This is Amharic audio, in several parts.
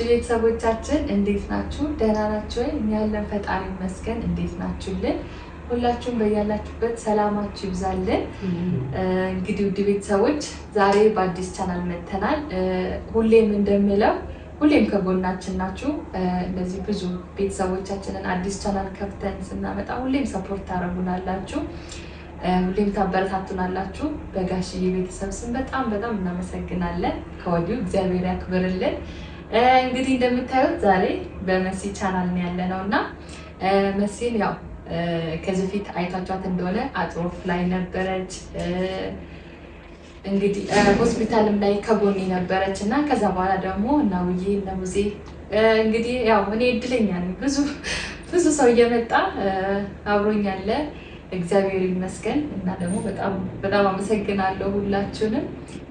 ውድ ቤተሰቦቻችን እንዴት ናችሁ? ደህና ናችሁ ወይ? እኛ ያለን ፈጣሪ ይመስገን። እንዴት ናችሁልን? ሁላችሁም በያላችሁበት ሰላማችሁ ይብዛልን። እንግዲህ ውድ ቤተሰቦች ዛሬ በአዲስ ቻናል መጥተናል። ሁሌም እንደምለው ሁሌም ከጎናችን ናችሁ። እንደዚህ ብዙ ቤተሰቦቻችንን አዲስ ቻናል ከፍተን ስናመጣ ሁሌም ሰፖርት ታደረጉናላችሁ፣ ሁሌም ታበረታቱናላችሁ። በጋሽዬ ቤተሰብ ስም በጣም በጣም እናመሰግናለን ከወዲሁ እግዚአብሔር ያክብርልን። እንግዲህ እንደምታዩት ዛሬ በመሲ ቻናል ነው ያለ ነው እና መሲን ያው ከዚህ በፊት አይታችኋት እንደሆነ አጥሮፍ ላይ ነበረች፣ እንግዲህ ሆስፒታልም ላይ ከጎኔ ነበረች እና ከዛ በኋላ ደግሞ እና ውዬ እነ ሙዜ እንግዲህ ያው እኔ እድለኛ ነኝ። ብዙ ብዙ ሰው እየመጣ አብሮኛለ እግዚአብሔር ይመስገን እና ደግሞ በጣም አመሰግናለሁ ሁላችሁንም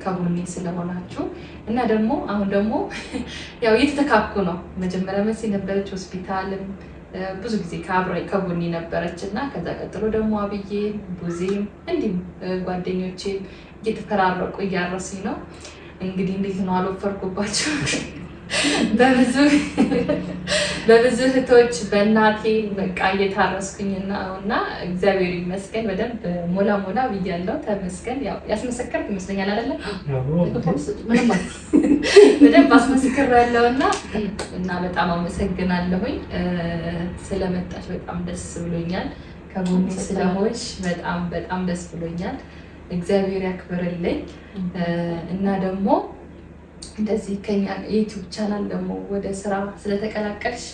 ከጎኔ ስለሆናችሁ እና ደግሞ አሁን ደግሞ ያው እየተተካኩ ነው። መጀመሪያ መስ ነበረች፣ ሆስፒታልም ብዙ ጊዜ ከአብራይ ከጎኔ ነበረች እና ከዛ ቀጥሎ ደግሞ አብዬ ቡዜም እንዲሁም ጓደኞቼም እየተፈራረቁ እያረሱኝ ነው። እንግዲህ እንዴት ነው አልወፈርኩባችሁ በብዙ በብዙ እህቶች በእናቴ በቃ እየታረስኩኝ ነው እና እግዚአብሔር ይመስገን በደንብ ሞላ ሞላ ብያለሁ። ተመስገን ያስመሰከርኩ ይመስለኛል አይደለም በደንብ አስመስክር ያለው እና እና በጣም አመሰግናለሁኝ ስለመጣሽ በጣም ደስ ብሎኛል። ከጎኔ ስለሆንሽ በጣም በጣም ደስ ብሎኛል። እግዚአብሔር ያክብርልኝ እና ደግሞ እንደዚህ ከኛ የዩቲዩብ ቻናል ደግሞ ወደ ስራ ስለተቀላቀልሽ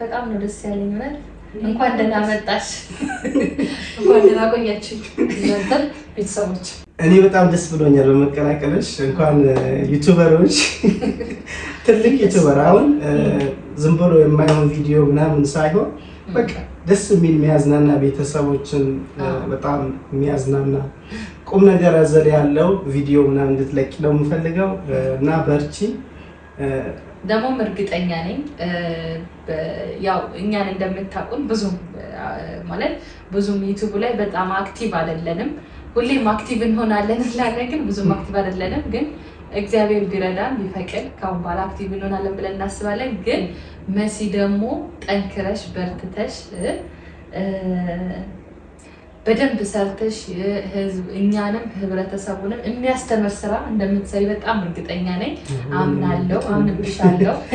በጣም ነው ደስ ያለኝ። ይሆናል እንኳን ደህና መጣሽ፣ እንኳን ደህና ቆያችን ቤተሰቦች። እኔ በጣም ደስ ብሎኛል በመቀላቀልሽ። እንኳን ዩቱበሮች ትልቅ ዩቱበር አሁን ዝም ብሎ የማይሆን ቪዲዮ ምናምን ሳይሆን በቃ ደስ የሚል የሚያዝናና ቤተሰቦችን በጣም የሚያዝናና ቁም ነገር አዘል ያለው ቪዲዮ ምናምን እንድትለቅ ነው የምፈልገው እና በርቺ። ደግሞም እርግጠኛ ነኝ ያው እኛን እንደምታውቁን ብዙም ማለት ብዙም ዩቱብ ላይ በጣም አክቲቭ አይደለንም። ሁሌም አክቲቭ እንሆናለን እንላለን፣ ግን ብዙም አክቲቭ አይደለንም። ግን እግዚአብሔር ቢረዳን ቢፈቅድ ከአሁን በኋላ አክቲቭ እንሆናለን ብለን እናስባለን። ግን መሲ ደግሞ ጠንክረሽ በርትተሽ በደንብ ሰርተሽ ህዝብ እኛንም ህብረተሰቡንም የሚያስተምር ስራ እንደምትሰሪ በጣም እርግጠኛ ነኝ። አምናለሁ፣ አምንብሻለሁ።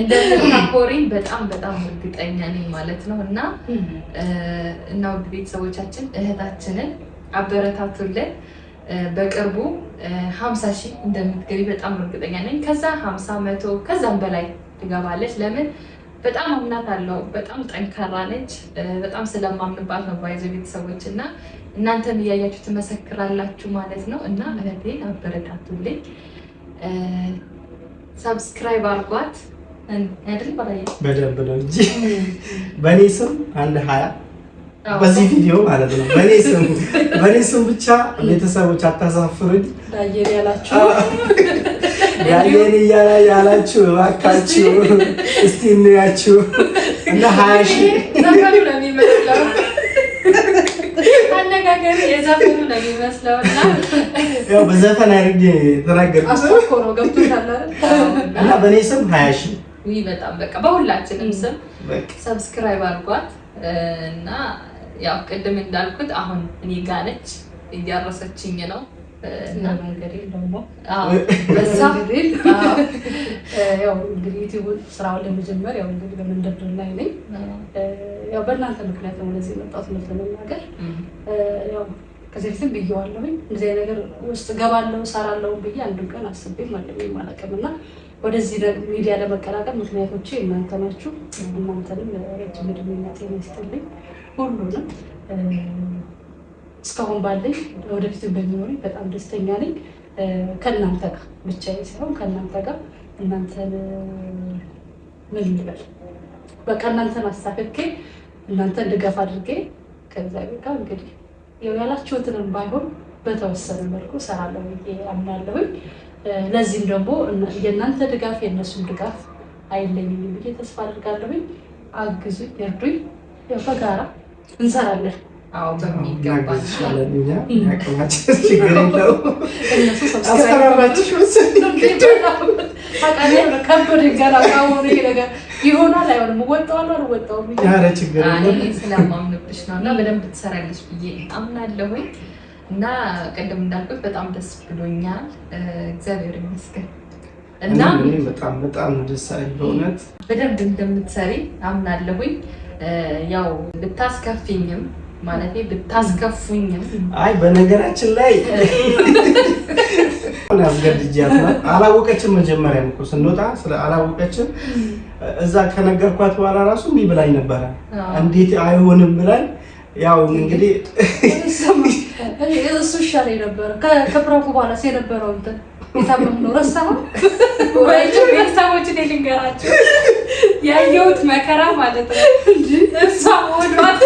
እንደምታኮሪኝ በጣም በጣም እርግጠኛ ነኝ ማለት ነው እና እና ውድ ቤተሰቦቻችን እህታችንን አበረታቱልን። በቅርቡ ሀምሳ ሺህ እንደምትገቢ በጣም እርግጠኛ ነኝ። ከዛ ሀምሳ መቶ ከዛም በላይ ትገባለች። ለምን በጣም አምናት አለው። በጣም ጠንካራ ነች። በጣም ስለማምንባት ነው ባይዘ ቤተሰቦች እና እናንተም እያያችሁ ትመሰክራላችሁ ማለት ነው። እና እህቴን አበረታቱልኝ፣ ሰብስክራይብ አርጓት አይደል? በደንብ ነው እንጂ በእኔ ስም አንድ ሀያ በዚህ ቪዲዮ ማለት ነው። በእኔ ስም በእኔ ስም ብቻ ቤተሰቦች አታሳፍሩኝ። ዳየር ያላችሁ ያለን እያላ ያላችሁ እባካችሁ እስቲ እንያችሁ እና ሀያ ሺ ያው በዘፈን አድርጌ የተናገርኩት እና በእኔ ስም ሀያ ሺ በጣም በቃ በሁላችንም ስም ሰብስክራይብ አድርጓት እና ያው ቅድም እንዳልኩት አሁን እኔ ጋነች እያረሰችኝ ነው። እና መንገድ ደግሞ ስራውን ለመጀመር ያው እንግዲህ በመንደርደር ላይ ነኝ። ያው በእናንተ ምክንያት ነው ወደዚህ የመጣሁት። እውነት ለመናገር ያው ከዚህ በፊትም ብዬዋለሁኝ እንደዚህ ነገር ውስጥ ገባለሁ ሰራለሁ ብዬ አንዱን ቀን አስቤም አልሜም አላውቅም እና ወደዚህ ሚዲያ ለመቀላቀል ምክንያቶቼ እናንተ ናችሁ። እናንተንም ረጅም ዕድሜና ጤና ይስጥልኝ ሁሉንም እስካሁን ባለኝ ወደፊት በሚኖረኝ በጣም ደስተኛ ነኝ። ከእናንተ ጋር ብቻ ሳይሆን ከእናንተ ጋር እናንተን ምን ይበል በቃ እናንተን አሳክኬ እናንተን ድጋፍ አድርጌ ከእግዚአብሔር ጋር እንግዲህ ያላችሁትንም ባይሆን በተወሰነ መልኩ እሰራለሁ ብዬ አምናለሁኝ። ለዚህም ደግሞ የእናንተ ድጋፍ የእነሱም ድጋፍ አይለኝም ብዬ ተስፋ አድርጋለሁኝ። አግዙኝ፣ እርዱኝ፣ በጋራ እንሰራለን። ስለማምንብሽ ነው እና በደንብ ትሰራለች ብዬ አምናለሁኝ። እና ቅድም እንዳልኩት በጣም ደስ ብሎኛል። እግዚአብሔር ይመስገን። እና በጣም በጣም ደስ አለኝ በእውነት በደንብ እንደምትሰሪ አምናለሁኝ። ያው ብታስከፊኝም ማለት ብታስከፉኝም። አይ በነገራችን ላይ አስገድጃት ነው አላወቀችም። መጀመሪያ እኮ ስንወጣ ስለ አላወቀችም እዛ ከነገርኳት በኋላ ራሱ እንዲህ ብላኝ ነበረ። እንዴት አይሆንም ብላኝ ያው እንግዲህ እሱ ይሻል ነበረ ከፍራንኩ በኋላ የነበረው እንትን የታመም ነው ረሳሁ። ቤተሰቦችን ልንገራቸው ያየሁት መከራ ማለት ነው እሷ ወዷት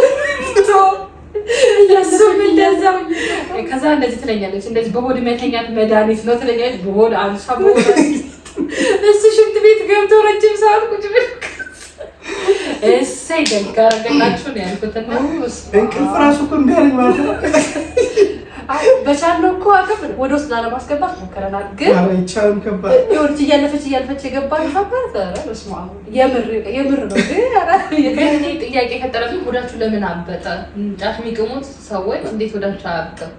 እሱም እንደዛው ከዛ እንደዚህ ትለኛለች። እንደዚህ በሆድ መተኛት መድኃኒት ነው ትለኛለች። በሆድ አንሷ እሱ ሽንት ቤት ገብቶ ረጅም ሰዓት ቁጭ ብሎ እሰይ ደግ አደረገላችሁ ነው ያልኩት። እንቅልፍ እራሱ እኮ እንዳለኝ ማለት ነው በቻልነው እኮ አቅም ወደ ውስጥ ላለማስገባት ሞከረናል፣ ግን ይቻልም ከባድ የሆነች እያለፈች እያለፈች የገባች ነበር። የምር ነው ግን ጥያቄ የፈጠረብኝ ሆዳችሁ ለምን አበጠ? ጫት የሚቅሙት ሰዎች እንዴት ሆዳችሁ አያብጥም?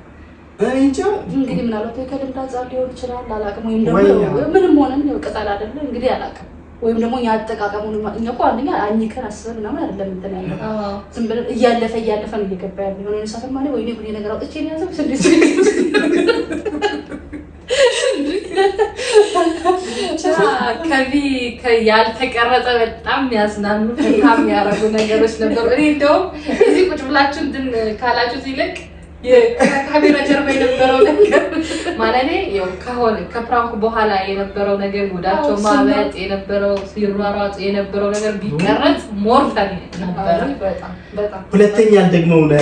እንግዲህ ምናልባት ከልምድ አንጻር ሊሆን ይችላል፣ አላውቅም። ወይም ደግሞ ምንም ሆነን ቅጠል አይደለ እንግዲህ አላውቅም። ወይም ደግሞ የአጠቃቀሙን እኛ እኮ አንደኛ አኝከን አስበን ምናምን አይደለም እንትን ያለው ዝም ብለን እያለፈ እያለፈ ነው እየገባ ያለ የሆነ ሰፈን ማለት ወይ ነገር አውጥቼ ነው ያዘው ያልተቀረጠ በጣም ያዝናኑ በጣም ያረጉ ነገሮች ነበሩ። እኔ እንደውም እዚህ ቁጭ ብላችሁ እንትን ካላችሁት ይልቅ ከካሜራ ጀርባ የነበረው ነገር ማለት ነው። ከሆነ ከፕራንኩ በኋላ የነበረው ነገር ጉዳቸው ማበጥ የነበረው ሲሯሯጥ የነበረው ነገር ቢቀረጽ ሞር ነበረ። ሁለተኛ ደግሞ ነ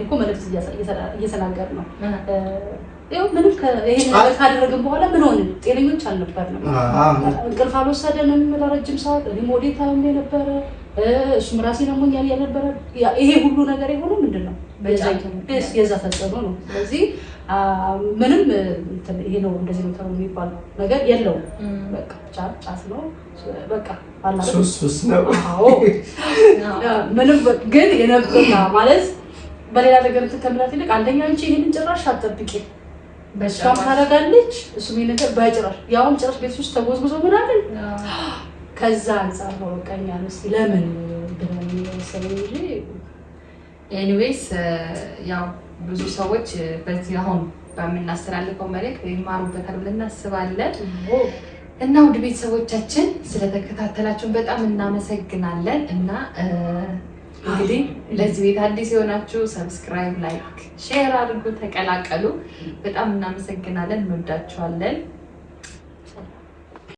ወዲህ እኮ መልዕክት እየሰናገር ነው። ይኸው ምንም ካደረግን በኋላ ምን ሆንን? ጤነኞች አልነበርንም። እንቅልፍ አልወሰደንም ለረጅም ሰዓት። እኔም ወዴት የነበረ ነበረ፣ እሱም ራሴን አሞኛል ያልነበረ። ይሄ ሁሉ ነገር የሆኑ ምንድን ነው? የዛ ተጽዕኖ ነው። ስለዚህ ምንም ይሄ ነው እንደዚህ ነው ተብሎ የሚባል ነገር የለውም። በቃ ጫት ነው በቃ ሱስ ነው ምንም ግን የነበ ማለት በሌላ ነገር ተተምላት ይልቅ አንደኛ አንቺ ይሄንን ጭራሽ አትጠብቂ በጣም ታደርጋለች። እሱም ነገር በጭራሽ ያውም ጭራሽ ቤት ውስጥ ተጎዝጉዞ ምናምን ከዛ አንጻር ነው በቃኛ ስ ለምን ብለን ሰለ ኤኒዌይስ ያው ብዙ ሰዎች በዚህ አሁን በምናስተላልፈው መልዕክት ይማሩበታል ብለን እናስባለን። እና ውድ ቤተሰቦቻችን ስለተከታተላችሁን በጣም እናመሰግናለን እና እንግዲህ ለዚህ ቤት አዲስ የሆናችሁ ሰብስክራይብ፣ ላይክ፣ ሼር አድርጉ፣ ተቀላቀሉ። በጣም እናመሰግናለን፣ እንወዳችኋለን።